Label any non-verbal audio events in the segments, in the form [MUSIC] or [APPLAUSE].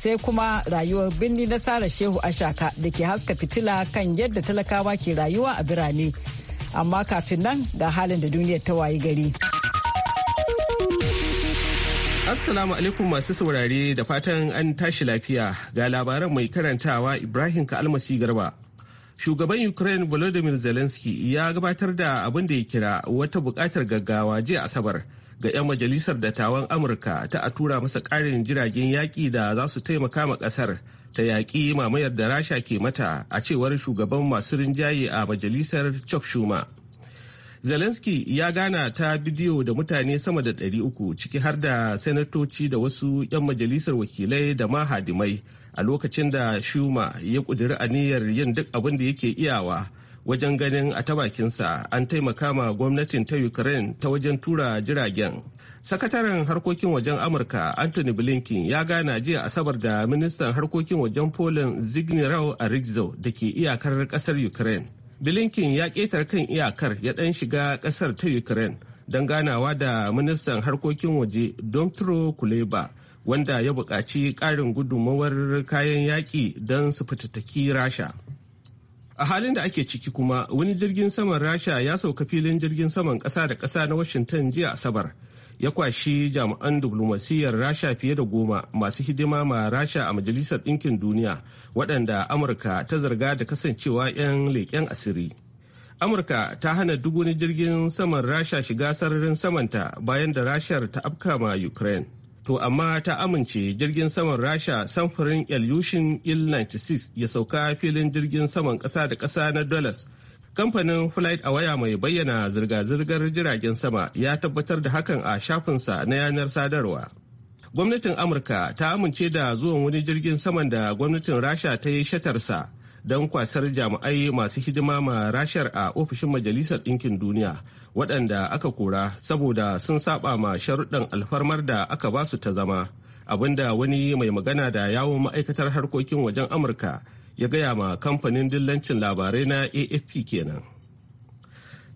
sai kuma rayuwar birni na Sara Shehu Ashaka da ke haska fitila kan yadda talakawa ke rayuwa a birane. Amma kafin nan ga halin da duniyar ta wayi gari. Assalamu alaikum masu saurare da fatan an tashi lafiya ga labaran mai karantawa Ibrahim Kalmasi Garba. Shugaban Ukraine Volodymyr Zelensky ya gabatar da abin da ya kira wata bukatar gaggawa jiya Asabar. ga 'yan majalisar dattawan amurka ta a tura masa ƙarin jiragen yaƙi da za su taimaka ma ƙasar ta yaƙi mamayar da rasha ke mata a cewar shugaban masu rinjaye a majalisar chuck schumer zelensky ya gana ta bidiyo da mutane sama da 300 ciki har da sanatoci da wasu 'yan majalisar wakilai da mahadimai a lokacin da shuma ya ƙudiri niyyar yin duk abin da yake iyawa wajen ganin a ta bakinsa an taimaka ma gwamnatin ta ukraine ta wajen tura jiragen sakataren harkokin wajen amurka anthony blinken ya gana jiya asabar da ministan harkokin wajen poland a rizzo da ke iyakar kasar ukraine blinken ya ketar kan iyakar ya dan shiga kasar ta ukraine don ganawa da ministan harkokin waje domtro kuleba wanda ya buƙaci ƙarin gudunmawar kayan yaƙi don su fitattaki rasha a halin da ake ciki kuma wani jirgin saman rasha ya sauka filin jirgin saman kasa da kasa na washington jiya asabar ya kwashi jami'an diplomasiyyar rasha fiye da goma masu hidima ma rasha a majalisar ɗinkin duniya waɗanda amurka ta zarga da kasancewa 'yan leƙen asiri amurka ta hana duk wani jirgin saman rasha shiga sararin samanta bayan da rashar ta afka ma ukraine to amma ta amince jirgin saman rasha samfurin ilyushin il-96 ya sauka filin jirgin saman ƙasa da ƙasa na dollars kamfanin flight awaya mai bayyana zirga-zirgar jiragen sama ya tabbatar da hakan a shafinsa na yanar sadarwa gwamnatin amurka ta amince da zuwan wani jirgin saman da gwamnatin rasha ta yi shatarsa don kwasar jami'ai masu hidima ma rashar a ofishin majalisar ɗinkin duniya waɗanda aka kora saboda sun saba ma sharuɗan alfarmar da aka ba su ta zama abinda wani mai magana da yawon ma'aikatar harkokin wajen amurka ya gaya ma kamfanin dillancin labarai na afp kenan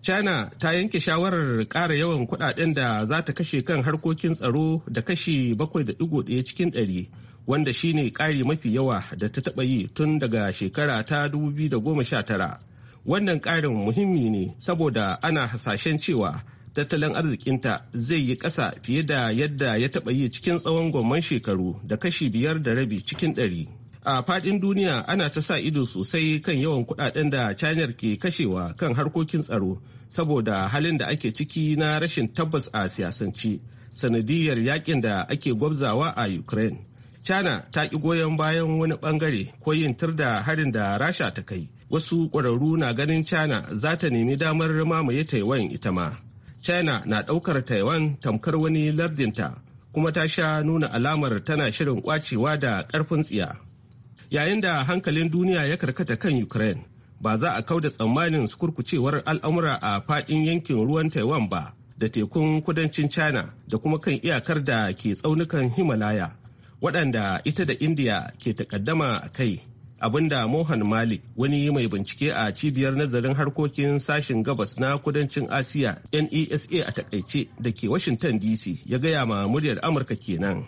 china ta yanke shawarar ƙara yawan kuɗaɗen da za ta kashe kan harkokin tsaro da kashi 7.1 cikin ɗari. wanda shine ƙari mafi yawa da ta taɓa yi tun daga shekara ta 2019 wannan ƙarin muhimmi ne saboda ana hasashen cewa tattalin arzikinta zai yi ƙasa fiye da yadda ya taɓa yi cikin tsawon gomman shekaru da kashi biyar da rabi cikin ɗari. A faɗin duniya ana ta sa ido sosai kan yawan kuɗaɗen da canyar ke kashewa kan harkokin tsaro saboda halin da ake ciki na rashin tabbas a siyasance sanadiyar yakin da ake gwabzawa a Ukraine. China ta ƙi goyon bayan wani ɓangare ko yin tur da harin da Rasha ta kai. wasu ƙwararru na ganin china za ta nemi damar mamaye taiwan ita ma china na ɗaukar taiwan tamkar wani lardinta kuma ta sha nuna alamar tana shirin kwacewa da ƙarfin tsiya yayin da hankalin duniya ya karkata kan ukraine ba za a kauda tsammanin sukurkucewar al'amura a faɗin yankin ruwan taiwan ba da tekun kudancin china da kuma kan iyakar da ke tsaunukan himalaya waɗanda ita da indiya ke takaddama a kai abinda Mohan Malik wani mai bincike a cibiyar nazarin harkokin sashen gabas na kudancin Asiya NESA a takaice da ke Washington DC ya gaya ma muryar Amurka kenan.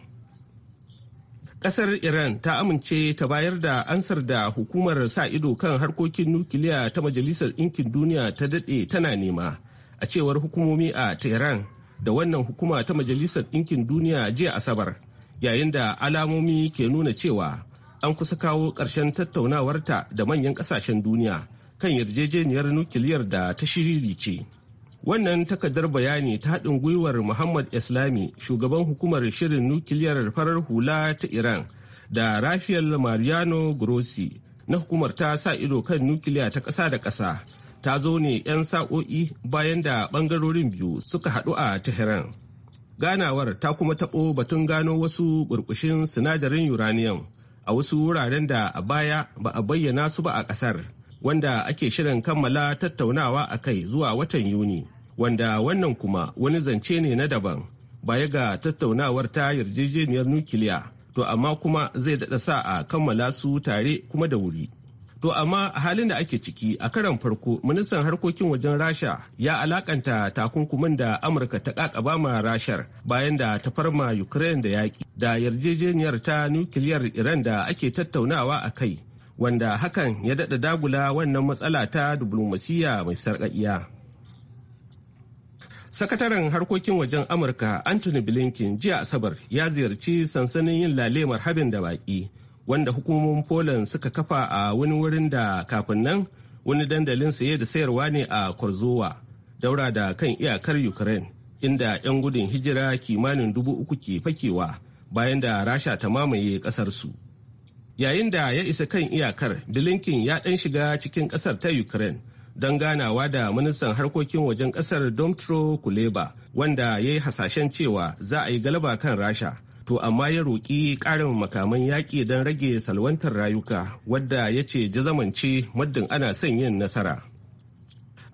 Kasar Iran ta amince ta bayar da ansar da hukumar sa ido kan harkokin nukiliya ta Majalisar Ɗinkin Duniya ta daɗe tana nema a cewar hukumomi a Tehran da wannan hukuma ta Majalisar Ɗinkin Duniya jiya Asabar yayin da alamomi ke nuna cewa an kusa kawo ƙarshen tattaunawarta da manyan ƙasashen duniya kan yarjejeniyar nukiliyar da ta shiriri ce. Wannan takardar bayani ta haɗin gwiwar Muhammad Islami shugaban hukumar shirin nukiliyar farar hula ta Iran da Rafael Mariano Grossi na hukumar ta sa ido kan nukiliya ta ƙasa da ƙasa ta zo ne 'yan sa'o'i bayan da ɓangarorin biyu suka haɗu a Tehran. Ganawar ta kuma taɓo batun gano wasu burbushin sinadarin uranium a wasu wuraren da a baya ba a bayyana su ba a ƙasar wanda ake shirin kammala tattaunawa a kai zuwa watan yuni wanda wannan kuma wani zance ne na daban baya ga tattaunawar ta yarjejeniyar nukiliya to amma kuma zai daɗa sa a kammala su tare kuma da wuri To amma halin da ake ciki a karan farko ministan harkokin wajen Rasha ya alakanta takunkumin da Amurka ta kakaba ma Rashar bayan da ta farma Ukraine da yaƙi da yarjejeniyar ta nukiliyar Iran da ake tattaunawa a kai wanda hakan ya daɗa dagula wannan matsala ta diflomasiyya mai sarƙaƙiya. Sakataren harkokin wajen Amurka Anthony Blinken jiya Asabar ya ziyarci sansanin yin lalemar habin da baƙi. wanda hukumomin Poland suka kafa a wani wurin da kafin nan wani dandalin saye da sayarwa ne a Korzowa, daura da kan iyakar Ukraine, inda 'yan gudun hijira kimanin dubu uku ke fakewa bayan da Rasha ta mamaye su Yayin da ya isa kan iyakar, Bilinkin ya dan shiga cikin kasar ta Ukraine don ganawa da ministan harkokin wajen kasar Domtro Kuleba, wanda ya yi hasashen cewa za a yi galaba kan Rasha. to amma ya roƙi ƙarin makaman yaƙi don rage salwantar rayuka wadda ya ce jazamance muddin ana son yin nasara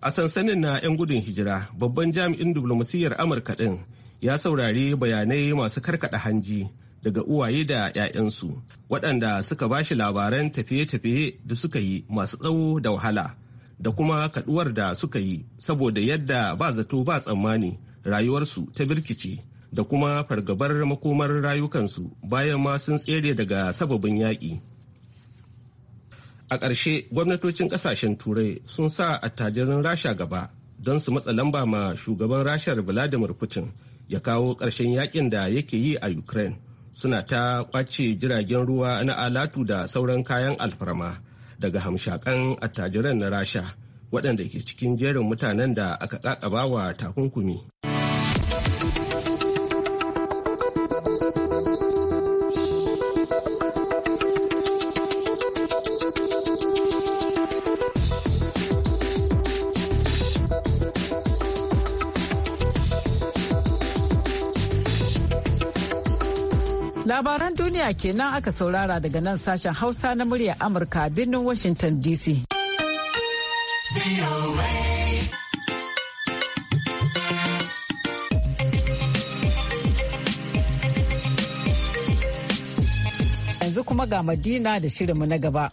a sansanin na 'yan gudun hijira babban jami'in diplomasiyyar amurka ɗin ya saurari bayanai masu karkada hanji daga uwaye da 'ya'yansu waɗanda suka ba shi labaran tafiye-tafiye da suka yi masu tsawo da wahala da kuma kaduwar da suka yi saboda yadda ba zato ba tsammani rayuwarsu ta birkice da kuma fargabar makomar rayukansu bayan ma sun tsere daga sababin yaƙi. A ƙarshe gwamnatocin ƙasashen Turai sun sa attajirin Rasha gaba don su matsa lamba ma shugaban Rashar Vladimir Putin ya kawo ƙarshen yakin da yake yi a Ukraine suna ta ƙwace jiragen ruwa na alatu da sauran kayan alfarma daga hamshakan attajiran na Rasha waɗanda ke cikin jerin mutanen da aka ƙaƙabawa takunkumi. Labaran duniya kenan aka saurara daga nan sashen Hausa na muryar Amurka a birnin Washington DC. Yanzu kuma ga Madina da shirinmu na gaba.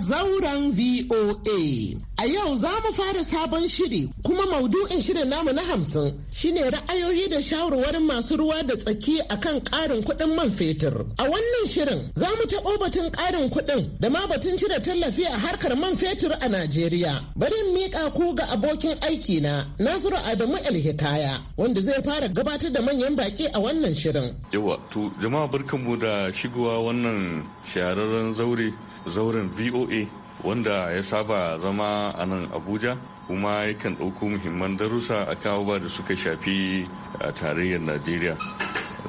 zauren VOA. A yau za mu fara sabon shiri kuma maudu'in shirin namu na hamsin shine ra'ayoyi da shawarwarin masu ruwa da tsaki a kan ƙarin kuɗin man fetur. A wannan shirin za mu taɓo batun ƙarin kuɗin da ma batun cire tallafi a harkar man fetur a Najeriya. Bari in miƙa ku ga abokin aiki na Nasiru Adamu Hikaya wanda zai fara gabatar da manyan baƙi a wannan shirin. Yawa, to jama'a barkanmu da shigowa wannan shahararren zaure zauren voa wanda ya saba zama a nan abuja kuma yakan ɗauko muhimman darussa a kawo da suka shafi a tarayyar najeriya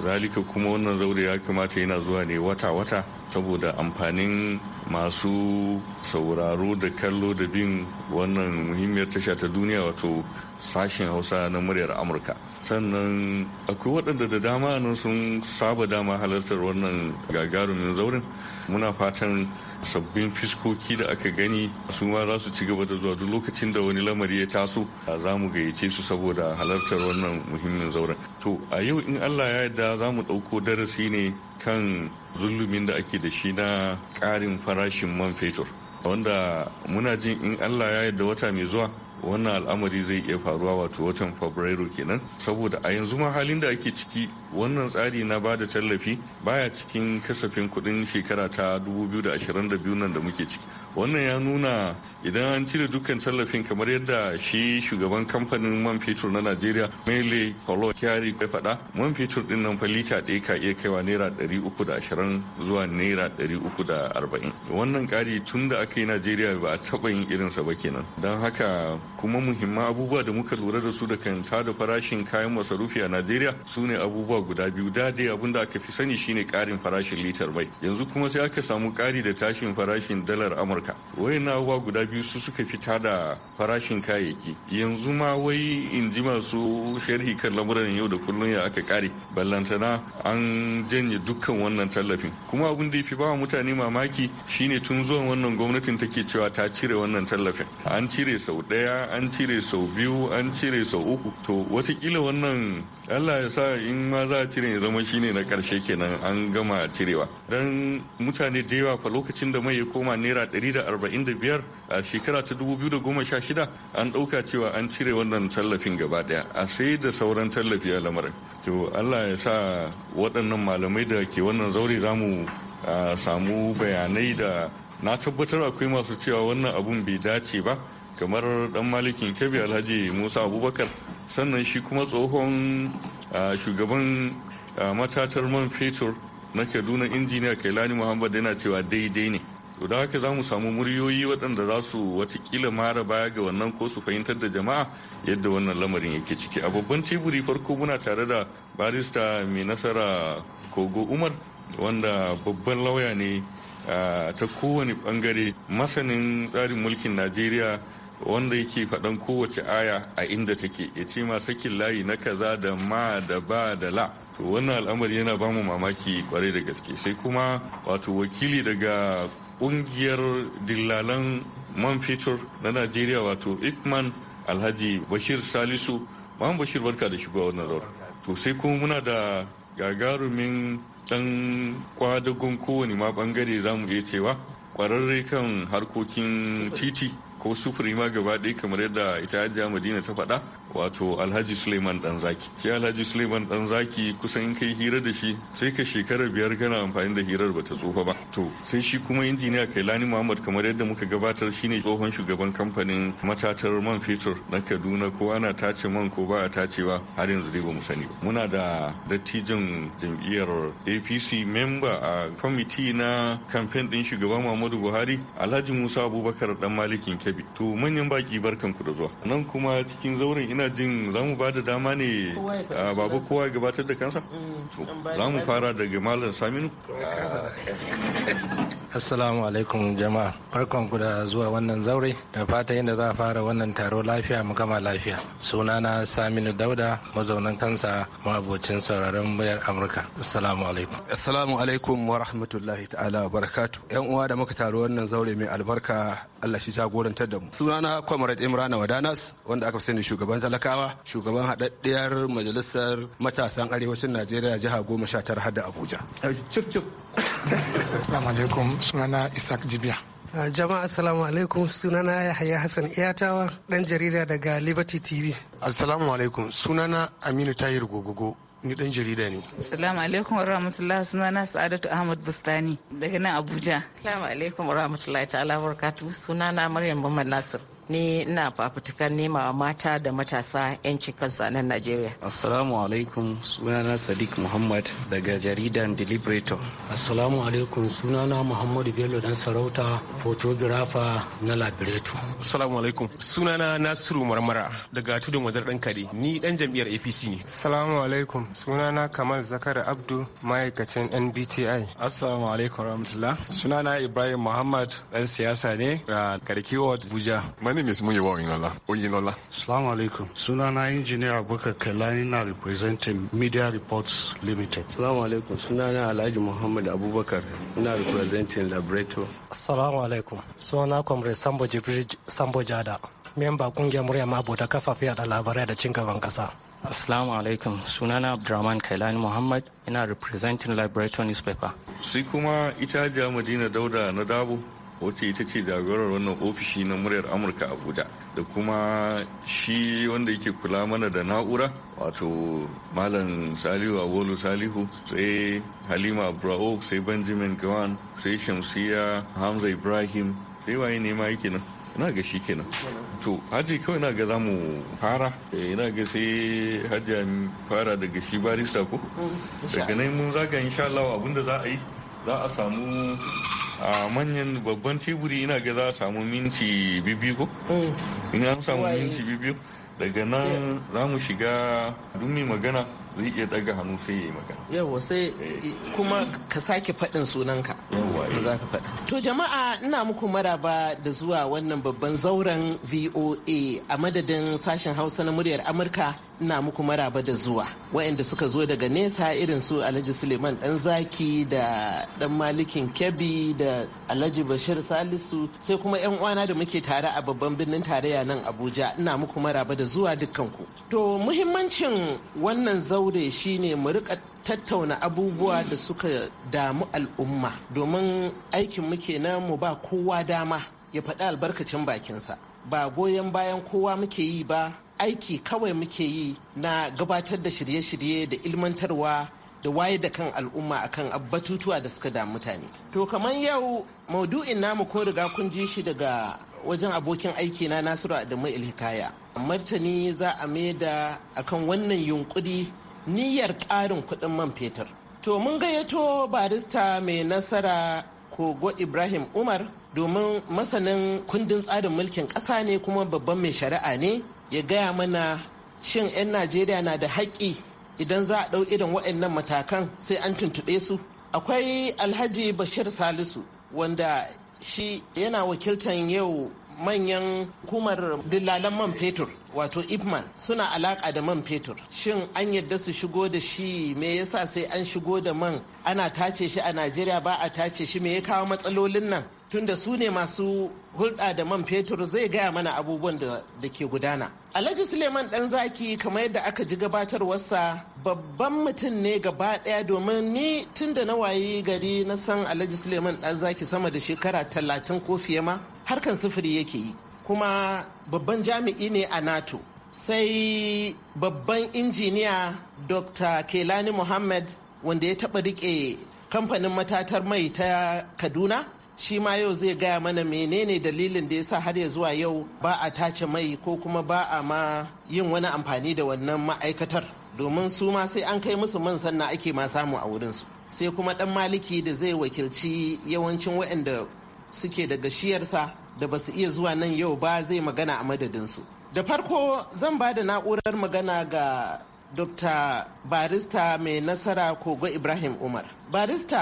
zalika kuma wannan zaure ya kamata yana zuwa ne wata-wata saboda amfanin masu sauraro da kallo da bin wannan muhimmiyar tasha ta duniya wato sashen hausa na muryar amurka sannan akwai waɗanda da dama nan sun saba dama halartar wannan gagarumin zaurin muna fatan sabbin fiskoki da aka gani su ma za su ci gaba da zuwa duk lokacin da wani lamari ya taso za mu gayyace su saboda halartar wannan muhimmin zauren to a yau in allah ya yarda za mu ɗauko darasi ne kan zulumin da ake da shi na ƙarin farashin man fetur wanda muna jin in allah ya yarda wata mai zuwa wannan al'amari zai iya faruwa wato watan fabrairu kenan saboda a yanzu ma halin da ake ciki wannan tsari na ba da tallafi baya cikin kasafin kuɗin shekara ta 2022 nan da muke ciki wannan ya nuna idan an cire dukkan tallafin kamar yadda shi shugaban kamfanin man fetur na najeriya mele kolo kyari ya faɗa man fetur din nan fa lita ɗaya ka iya kaiwa naira ɗari uku da ashirin zuwa naira ɗari uku da arba'in wannan ƙari tun da aka yi najeriya ba a taɓa yin irinsa ba kenan don haka kuma muhimman abubuwa da muka lura da su da kan tada farashin kayan masarufi a najeriya su ne abubuwa guda biyu da dai abin da aka fi sani shine ƙarin farashin litar mai yanzu kuma sai aka samu ƙari da tashin farashin dalar amurka amurka na abubuwa guda biyu su suka fita da farashin kayayyaki yanzu ma wai in ji masu sharhi kan lamuran yau da kullum ya aka kare ballantana an janye dukkan wannan tallafin kuma abin da ya fi bawa mutane mamaki shine tun zuwan wannan gwamnatin take cewa ta cire wannan tallafin an cire sau ɗaya an cire sau biyu an cire sau uku to watakila wannan allah ya sa in ma za a cire ya zama shine na karshe kenan an gama cirewa dan mutane da yawa fa lokacin da mai ya koma naira ɗari 145 a shekara ta 2016 an ɗauka cewa an cire wannan tallafin gaba daya a sai da sauran tallafi a lamarin to allah ya sa waɗannan malamai da ke wannan zaure za mu samu bayanai da na tabbatar akwai masu cewa wannan abun bai dace ba kamar dan malikin kebe alhaji musa abubakar sannan shi kuma tsohon shugaban matatar man fetur na kaduna injiniya kailani muhammad yana cewa daidai ne to da haka za mu samu muryoyi waɗanda za su watakila mara baya ga wannan ko su fahimtar da jama'a yadda wannan lamarin yake ciki a babban teburi farko muna tare da barista mai nasara kogo umar wanda babban lauya ne ta kowane bangare masanin tsarin mulkin najeriya wanda yake faɗan kowace aya a inda take ya ce ma sakin layi na kaza da ma da ba da la to wannan al'amari yana bamu mamaki kwarai da gaske sai kuma wato wakili daga ƙungiyar dillalan man fetur na najeriya wato ipman alhaji bashir salisu mahan bashir barka da shigowa wannan rawar to sai kuma muna da gagarumin dan kwadagun kowane ma bangare za mu iya cewa kwararre kan harkokin titi ko sufuri ma gaba ɗaya kamar yadda ita ajiya madina ta faɗa wato alhaji suleiman danzaki shi alhaji suleiman danzaki kusan in kai hira da shi sai ka shekarar biyar gana amfani da hirar ba ta tsufa ba to sai shi kuma injiniya kai Lani muhammad kamar yadda muka gabatar shine tsohon shugaban kamfanin matatar man fetur na kaduna ko ana tace man ko ba a tacewa har yanzu dai ba mu sani ba muna da dattijan jam'iyyar apc memba a kwamiti na kamfen din shugaban muhammadu buhari alhaji musa abubakar dan malikin kebbi to manyan baki barkanku da zuwa nan kuma cikin zauren ina muna jin za mu ba da dama ne babu kowa gabatar da kansa mm, za mu fara daga malam saminu [LAUGHS] Assalamu alaikum jama'a. farkon ku da zuwa wannan zaure da fata yadda za a fara wannan taro lafiya mu gama lafiya. Sunana Saminu Dauda mazaunan kansa ma'abocin sauraron muryar Amurka. Assalamu alaikum. Assalamu alaikum wa rahmatullahi ta'ala wa barakatu. Yan uwa da muka taro wannan zaure mai albarka Allah shi jagorantar da mu. Sunana Comrade Imrana Wadanas wanda aka fi sani shugaban talakawa, shugaban haɗaɗɗiyar majalisar matasan arewacin Najeriya jiha goma sha tara har da Abuja. Assalamu alaikum sunana Isaac Jibia. Ah, jama'a assalamu alaikum sunana yahaya hassan iyatawa dan jarida daga liberty tv assalamu alaikum sunana aminu tahir gogogo ni dan jarida ne assalamu alaikum wa rahmatullah sunana sa'adatu ahmad bustani daga nan abuja assalamu alaikum wa rahmatullah ta'ala barakatuh sunana maryam muhammad nasir ni ina fafutukan nema wa mata da matasa yanci kansu a nan Najeriya. Assalamu alaikum sunana Sadiq Muhammad daga jaridan Deliberator. Assalamu alaikum sunana Muhammadu Bello dan sarauta photographer na Labirato. Assalamu alaikum sunana Nasiru Marmara daga tudun wadar dan kare ni dan jam'iyyar APC ne. Assalamu alaikum sunana Kamal Zakar Abdu ma'aikacin NBTI. Assalamu alaikum rahmatullah sunana Ibrahim Muhammad dan siyasa ne a Karki Abuja. my name is Muyiwa Oyinola. Oyinola. Assalamu alaikum. Sunana Engineer Abubakar Kailani na representing Media Reports Limited. Assalamu alaikum. Sunana Alhaji Muhammad Abubakar ina representing Labreto. Assalamu alaikum. Sunana Comrade Sambo Jibril Sambo Jada. Memba kungiyar murya mabota kafafen yada labarai da cin gaban kasa. Assalamu alaikum sunana Abdurrahman Kailani Muhammad ina representing Liberator newspaper. Sai kuma ita Madina Dauda na Dabo wacce ita ce jagorar wannan ofishi na muryar amurka abuja da kuma shi wanda yake kula mana da na'ura wato malam salihu abolu salihu sai halima abu sai benjamin gawan sai shamsiya hamza ibrahim sai waye ne ma yake nan ina ga shi kenan to haji kawai na ga zamu fara eh, ina ga sai hajji fara daga shi barista ko mm, daga nan mun zaga insha Allah abinda za a yi za a samu a manyan babban teburi ina ga za a samu minti bibiyu ko mm. in an samu minti bibiyu daga nan za mu shiga dumi magana zai iya daga hannu sai ya yi magana. Yawa sai eh. kuma ka sake faɗin sunanka. Yawa eh. za ka faɗa. To jama'a ina muku maraba da zuwa wannan babban zauren VOA a madadin sashen Hausa na muryar Amurka na muku maraba da zuwa waɗanda suka zo daga nesa irin su alhaji suleiman dan zaki da dan malikin kebbi da alhaji bashir salisu sai kuma yan uwana da muke tare a babban birnin tarayya nan abuja ina muku maraba da zuwa dukkanku to muhimmancin wannan zaure shine mu rika tattauna abubuwa da suka damu al'umma domin aikin muke na mu ba kowa dama ya faɗi albarkacin bakinsa ba goyon bayan kowa muke yi ba aiki kawai muke yi na gabatar da shirye-shirye da ilmantarwa da waye da kan al'umma akan batutuwa da suka damu mutane. To kamar yau maudu'in namu ko riga kun ji shi daga wajen abokin aiki na Nasiru Adamu Ilhikaya. Martani za a maida akan wannan yunkuri niyyar ƙarin kuɗin man fetur. To mun gayyato barista mai nasara Kogo Ibrahim Umar domin masanin kundin tsarin mulkin ƙasa ne kuma babban mai shari'a ne ya gaya mana shin 'yan najeriya na da haƙƙi idan za a ɗau irin waɗannan matakan sai an tuntuɓe su akwai alhaji bashir salisu wanda shi yana wakiltan yau manyan hukumar dillalan man fetur wato ipman suna alaƙa da man fetur shin an yadda su shigo da shi me yasa sai an shigo da man ana tace shi a najeriya ba a tace shi me ya kawo matsalolin nan tunda su ne masu hulɗa da man fetur zai gaya mana abubuwan da ke gudana. Alhaji Suleiman ɗan zaki kamar yadda aka ji gabatarwarsa babban mutum ne gaba ɗaya domin ni tun da na wayi gari na san Alhaji Suleiman ɗan zaki sama da shekara talatin ko fiye ma harkan sufuri yake yi kuma babban jami'i ne a NATO. Sai babban injiniya Dr. Kelani Muhammad wanda ya taɓa riƙe kamfanin matatar mai ta Kaduna shi ma yau zai gaya mana menene dalilin da ya sa har ya zuwa yau ba a tace mai ko kuma ba a ma yin wani amfani da wannan ma'aikatar domin su ma sai an kai musu man sannan ake ma samu a wurinsu sai kuma dan maliki da zai wakilci yawancin waɗanda suke daga shiyarsa da basu iya zuwa nan yau ba zai magana a madadinsu da farko zan ba da na'urar magana ga dr barista mai nasara kogo ibrahim umar barista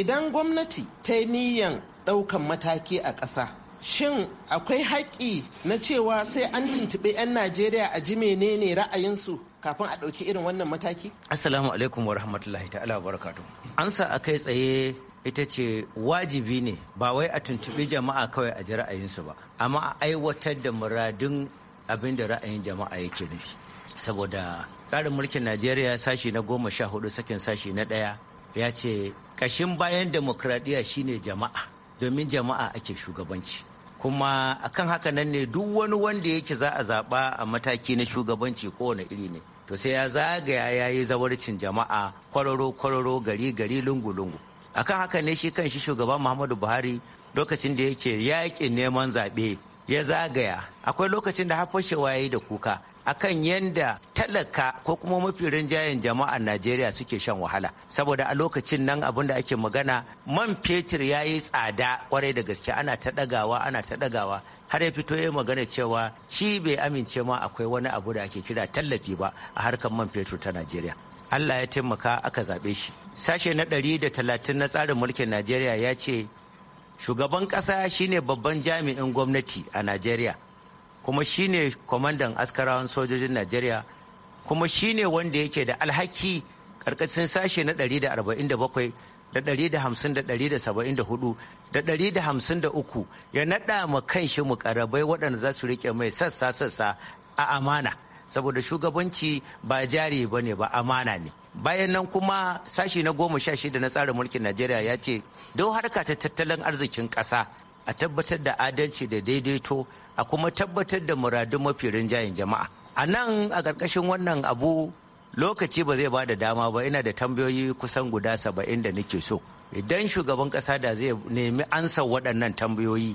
idan gwamnati ta yi niyan Daukan mataki a ƙasa shin akwai haƙƙi na cewa sai an tuntuɓi 'yan najeriya a ji menene ra'ayinsu kafin a ɗauki irin wannan mataki assalamu alaikum wa rahmatullahi ta'ala wa barakatu ansa a kai tsaye ita ce wajibi ne ba wai a tuntuɓi jama'a kawai a ji ra'ayinsu ba amma a aiwatar da muradin abin da ra'ayin jama'a yake nufi saboda tsarin mulkin najeriya sashi na goma sha hudu sakin sashi na ɗaya ya ce ƙashin bayan demokradiyya shine jama'a domin jama'a ake shugabanci kuma akan haka nan ne duk wani wanda yake za a zaɓa a mataki na shugabanci kowane iri ne to sai ya zagaya ya yi zawarcin jama'a kwararo kwararo gari gari lungu lungu akan haka ne shi kan shi shugaban muhammadu buhari lokacin da yake yaƙin neman zaɓe ya zagaya akwai lokacin da har fashewa ya yi da kuka akan yadda talaka ko kuma mafi rinjayen jama'ar Najeriya suke shan wahala saboda a lokacin nan abin da ake magana man fetur ya yi tsada kwarai da gaske ana ta ɗagawa ana ta ɗagawa har ya fito ya magana cewa shi bai amince ma akwai wani abu da ake kira tallafi ba a harkar man fetur ta Najeriya. Allah ya taimaka aka zaɓe shi. Sashe na ɗari da talatin na tsarin mulkin Najeriya ya ce shugaban ƙasa shine babban jami'in gwamnati a Najeriya. kuma shine kwamandan askarawan sojojin najeriya kuma shine wanda yake da alhaki karkashin sashe na 147 da 150 da 174 da 153 ya naɗa ma kanshi mukarabai waɗanda za su rike mai sassa-sassa a amana saboda shugabanci ba jari ba ne ba amana ne bayan nan kuma sashi na goma sha shida na tsarin mulkin najeriya ya ce don harka ta tattalin arzikin ƙasa a tabbatar da adalci da daidaito a kuma tabbatar da muradun mafi rinjayen jama'a a nan a ƙarƙashin wannan abu lokaci ba zai ba da dama ba ina da tambayoyi kusan guda saba'in da nake so idan shugaban ƙasa da zai nemi ansa waɗannan tambayoyi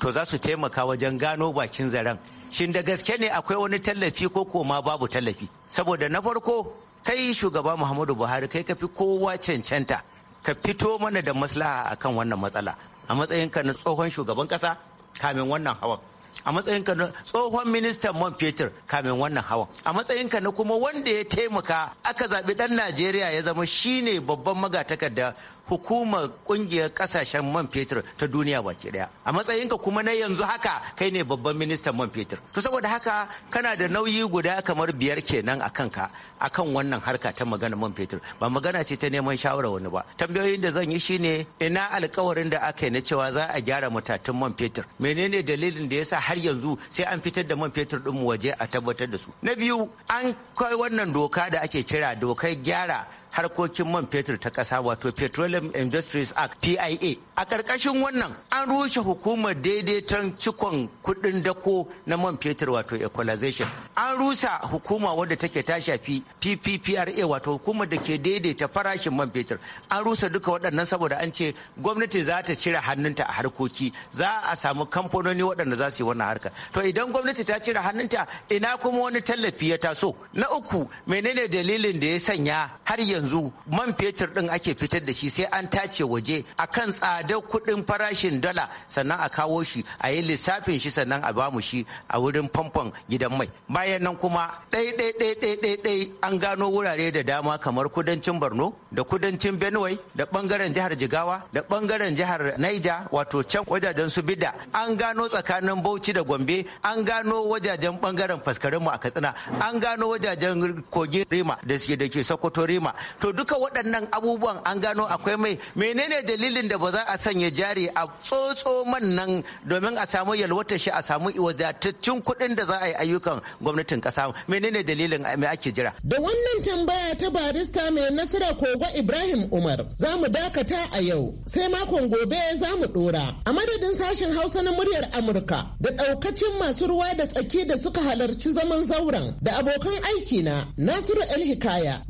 to za su taimaka wajen gano bakin zaren shin da gaske ne akwai wani tallafi ko koma babu tallafi saboda na farko kai shugaba muhammadu buhari kai ka fi kowa cancanta ka fito mana da maslaha akan wannan matsala a matsayinka na tsohon shugaban ƙasa kamin wannan hawan a matsayinka na tsohon ministan man fetur kamin wannan hawan a matsayinka na kuma wanda ya taimaka aka zaɓi ɗan najeriya ya zama shine babban magatakarda hukumar kungiyar kasashen man fetur ta duniya baki daya a matsayinka kuma na yanzu haka kai ne babban ministan man fetur to saboda haka kana da nauyi guda kamar biyar kenan a kanka a kan wannan harka ta magana man fetur ba magana ce ta neman shawara wani ba tambayoyin da zan yi shine ina alkawarin da aka yi na cewa za a gyara matatun man fetur menene dalilin da yasa har yanzu sai an fitar da man fetur din waje a tabbatar da su na biyu an kai wannan doka da ake kira dokar gyara harkokin man fetur ta ƙasa wato Petroleum Industries Act PIA. A ƙarƙashin wannan an rushe hukumar daidaiton cikon kuɗin dako na man fetur wato equalization. An rusa hukuma wadda take ta shafi PPPRA wato hukumar da ke daidaita farashin man fetur. An rusa duka waɗannan saboda an ce gwamnati za ta cire hannunta a harkoki za a samu kamfanoni waɗanda za su yi wannan harka. To idan gwamnati ta cire hannunta ina kuma wani tallafi ya taso. Na uku menene dalilin da ya sanya har yanzu yanzu man fetur din ake fitar da shi sai an tace waje akan tsadar kudin farashin dala sannan a kawo shi a yi lissafin shi sannan a bamu shi a wurin famfon gidan mai bayan nan kuma ɗai an gano wurare da dama kamar kudancin borno da kudancin benue da bangaren jihar jigawa da bangaren jihar naija wato can wajajen su bida an gano tsakanin bauchi da gombe an gano wajajen bangaren faskarinmu a katsina an gano wajajen kogin rima da suke da ke sokoto rima to duka waɗannan abubuwan an gano akwai mai menene dalilin da ba za a sanya jari a tsotso man nan domin a samu yalwatar shi a samu wadatattun kuɗin da za a yi ayyukan gwamnatin ƙasa menene dalilin me ake jira da wannan tambaya ta barista mai nasara kogo ibrahim umar za mu dakata a yau sai makon gobe za mu ɗora a madadin sashen hausa na muryar amurka da ɗaukacin masu ruwa da tsaki da suka halarci zaman zauren da abokan aiki na nasiru el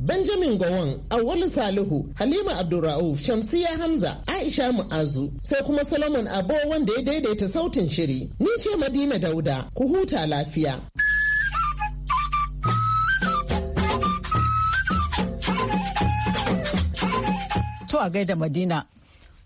benjamin gowon Usman, Awal Salihu, Halima abdurra'uf Shamsiya Hamza, Aisha Mu'azu, sai kuma Solomon Abo wanda ya daidaita sautin shiri. Ni ce Madina Dauda, ku huta lafiya. To a gaida Madina.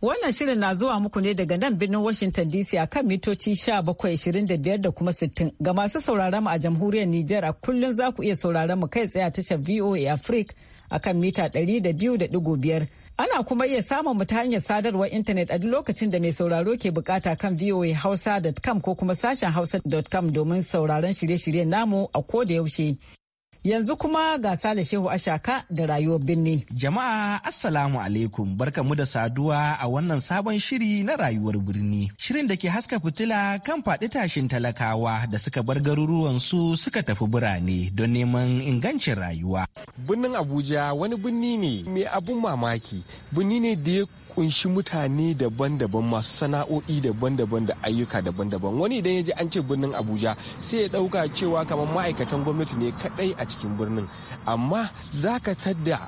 Wannan shirin na zuwa muku ne daga nan birnin Washington DC a kan mitoci 1725 da kuma 60. Ga masu sauraron mu a jamhuriyar Nijar a kullum za ku iya sauraron mu kai tsaye a tashar VOA Africa a kan mita 200.5 ana kuma iya samun mu ta hanyar sadarwar intanet a duk lokacin da mai sauraro ke bukata kan voahausa.com ko kuma sashen hausa.com domin sauraron shirye-shiryen namu a ko da yaushe Yanzu kuma ga Sale Shehu Ashaka da rayuwar birni. Jama'a Assalamu alaikum barka mu da saduwa a wannan sabon shiri na rayuwar birni. Shirin da ke haska fitila kan faɗi tashin talakawa da suka bar garuruwan su suka tafi birane don neman ingancin rayuwa. Birnin Abuja wani birni ne mai abun mamaki. Birni ne da ya kunshi mutane daban-daban masu sana'o'i daban-daban da ayyuka daban-daban wani idan ya ji an ce birnin abuja sai ya ɗauka cewa kamar ma'aikatan gwamnati ne kadai a cikin birnin amma za ka tadda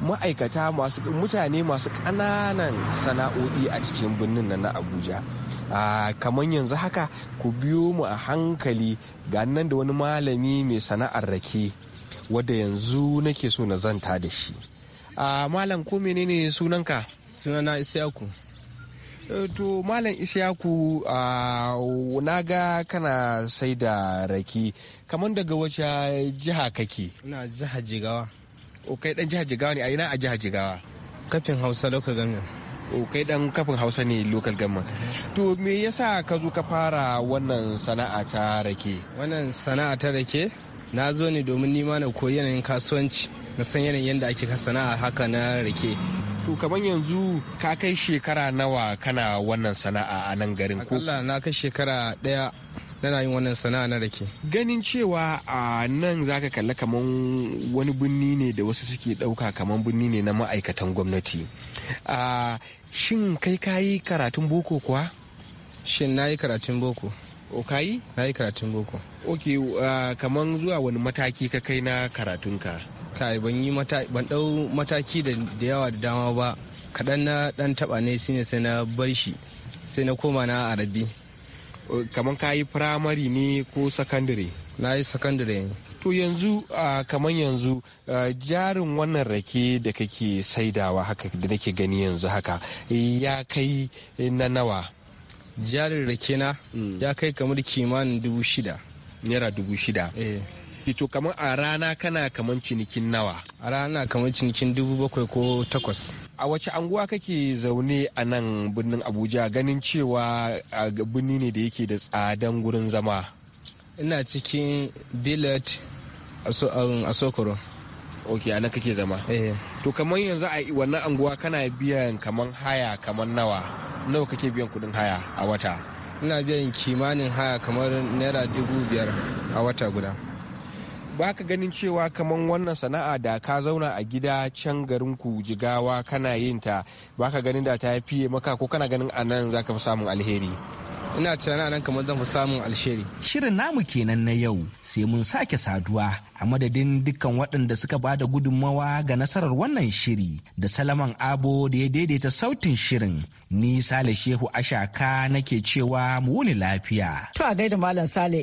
ma'aikata masu mutane masu ƙananan sana'o'i a cikin birnin nan na abuja Uh, kamar yanzu haka ku biyo mu a hankali ga nan da wani malami mai sana'ar rake wadda yanzu nake so na zanta da shi uh, malam ko menene sunanka sunana isyaku eh, to malam isyaku na ga kana sai da rake kamar daga wace jiha kake na jiha jigawa o kai dan jiha jigawa ne a ina a jiha jigawa kafin hausa local government o kai dan kafin hausa ne local government to me yasa ka zo ka fara wannan sana'a ta rake wannan sana'a ta rake na zo ne domin nima na koyi yanayin kasuwanci na san yanayin yadda ake ka sana'a haka na rake to kamar yanzu ka kai shekara nawa kana wannan sana'a a nan garin ko na kai shekara daya nana yin wannan sana'a na rake. Ganin cewa a nan zaka kalla kaman wani birni ne da wasu suke ɗauka kaman birni ne na ma'aikatan gwamnati. Shin kai kayi karatun boko kuwa? Shin na yi karatun boko. O yi. Na yi karatun boko. Ok, kaman zuwa wani mataki ka kai na karatunka? kai ban yi ban dau mataki da yawa da dama ba kaɗan na ɗan taba ne shine sai na bar shi sai na koma na arabi kamar ka yi firamare ne ko sakandare na yi sakandare ne to yanzu kamar yanzu jarin wannan rake da kake saidawa haka da nake gani yanzu haka ya kai na nawa jarin rake na mm. ya kai kamar kimanin dubu shida naira dubu shida eh. to kamar a rana kana kamar cinikin nawa a rana kamar cinikin dubu bakwai ko takwas a wace anguwa kake zaune a nan birnin abuja ganin cewa birni ne da yake da tsadan gurin zama ina cikin billet a um, sokoro ok a nan kake zama eh. to kamar yanzu a wannan anguwa kana biyan kamar haya kamar nawa nawa kake biyan kudin haya a wata ina biyan kimanin haya kamar naira dubu biyar a wata guda baka ganin cewa kamar wannan sana'a da ka zauna a gida can garin ku jigawa kana yin ta ba ganin da ta fiye maka ko kana ganin a nan za ka fi samun alheri ina tunanin nan kamar zan fi samun alheri shirin namu kenan na yau sai mun sake saduwa a madadin dukkan waɗanda suka ba da gudunmawa ga nasarar wannan shiri da salaman abo da ya daidaita sautin shirin ni sale shehu ashaka nake cewa mu wuni lafiya to a gaida malam sale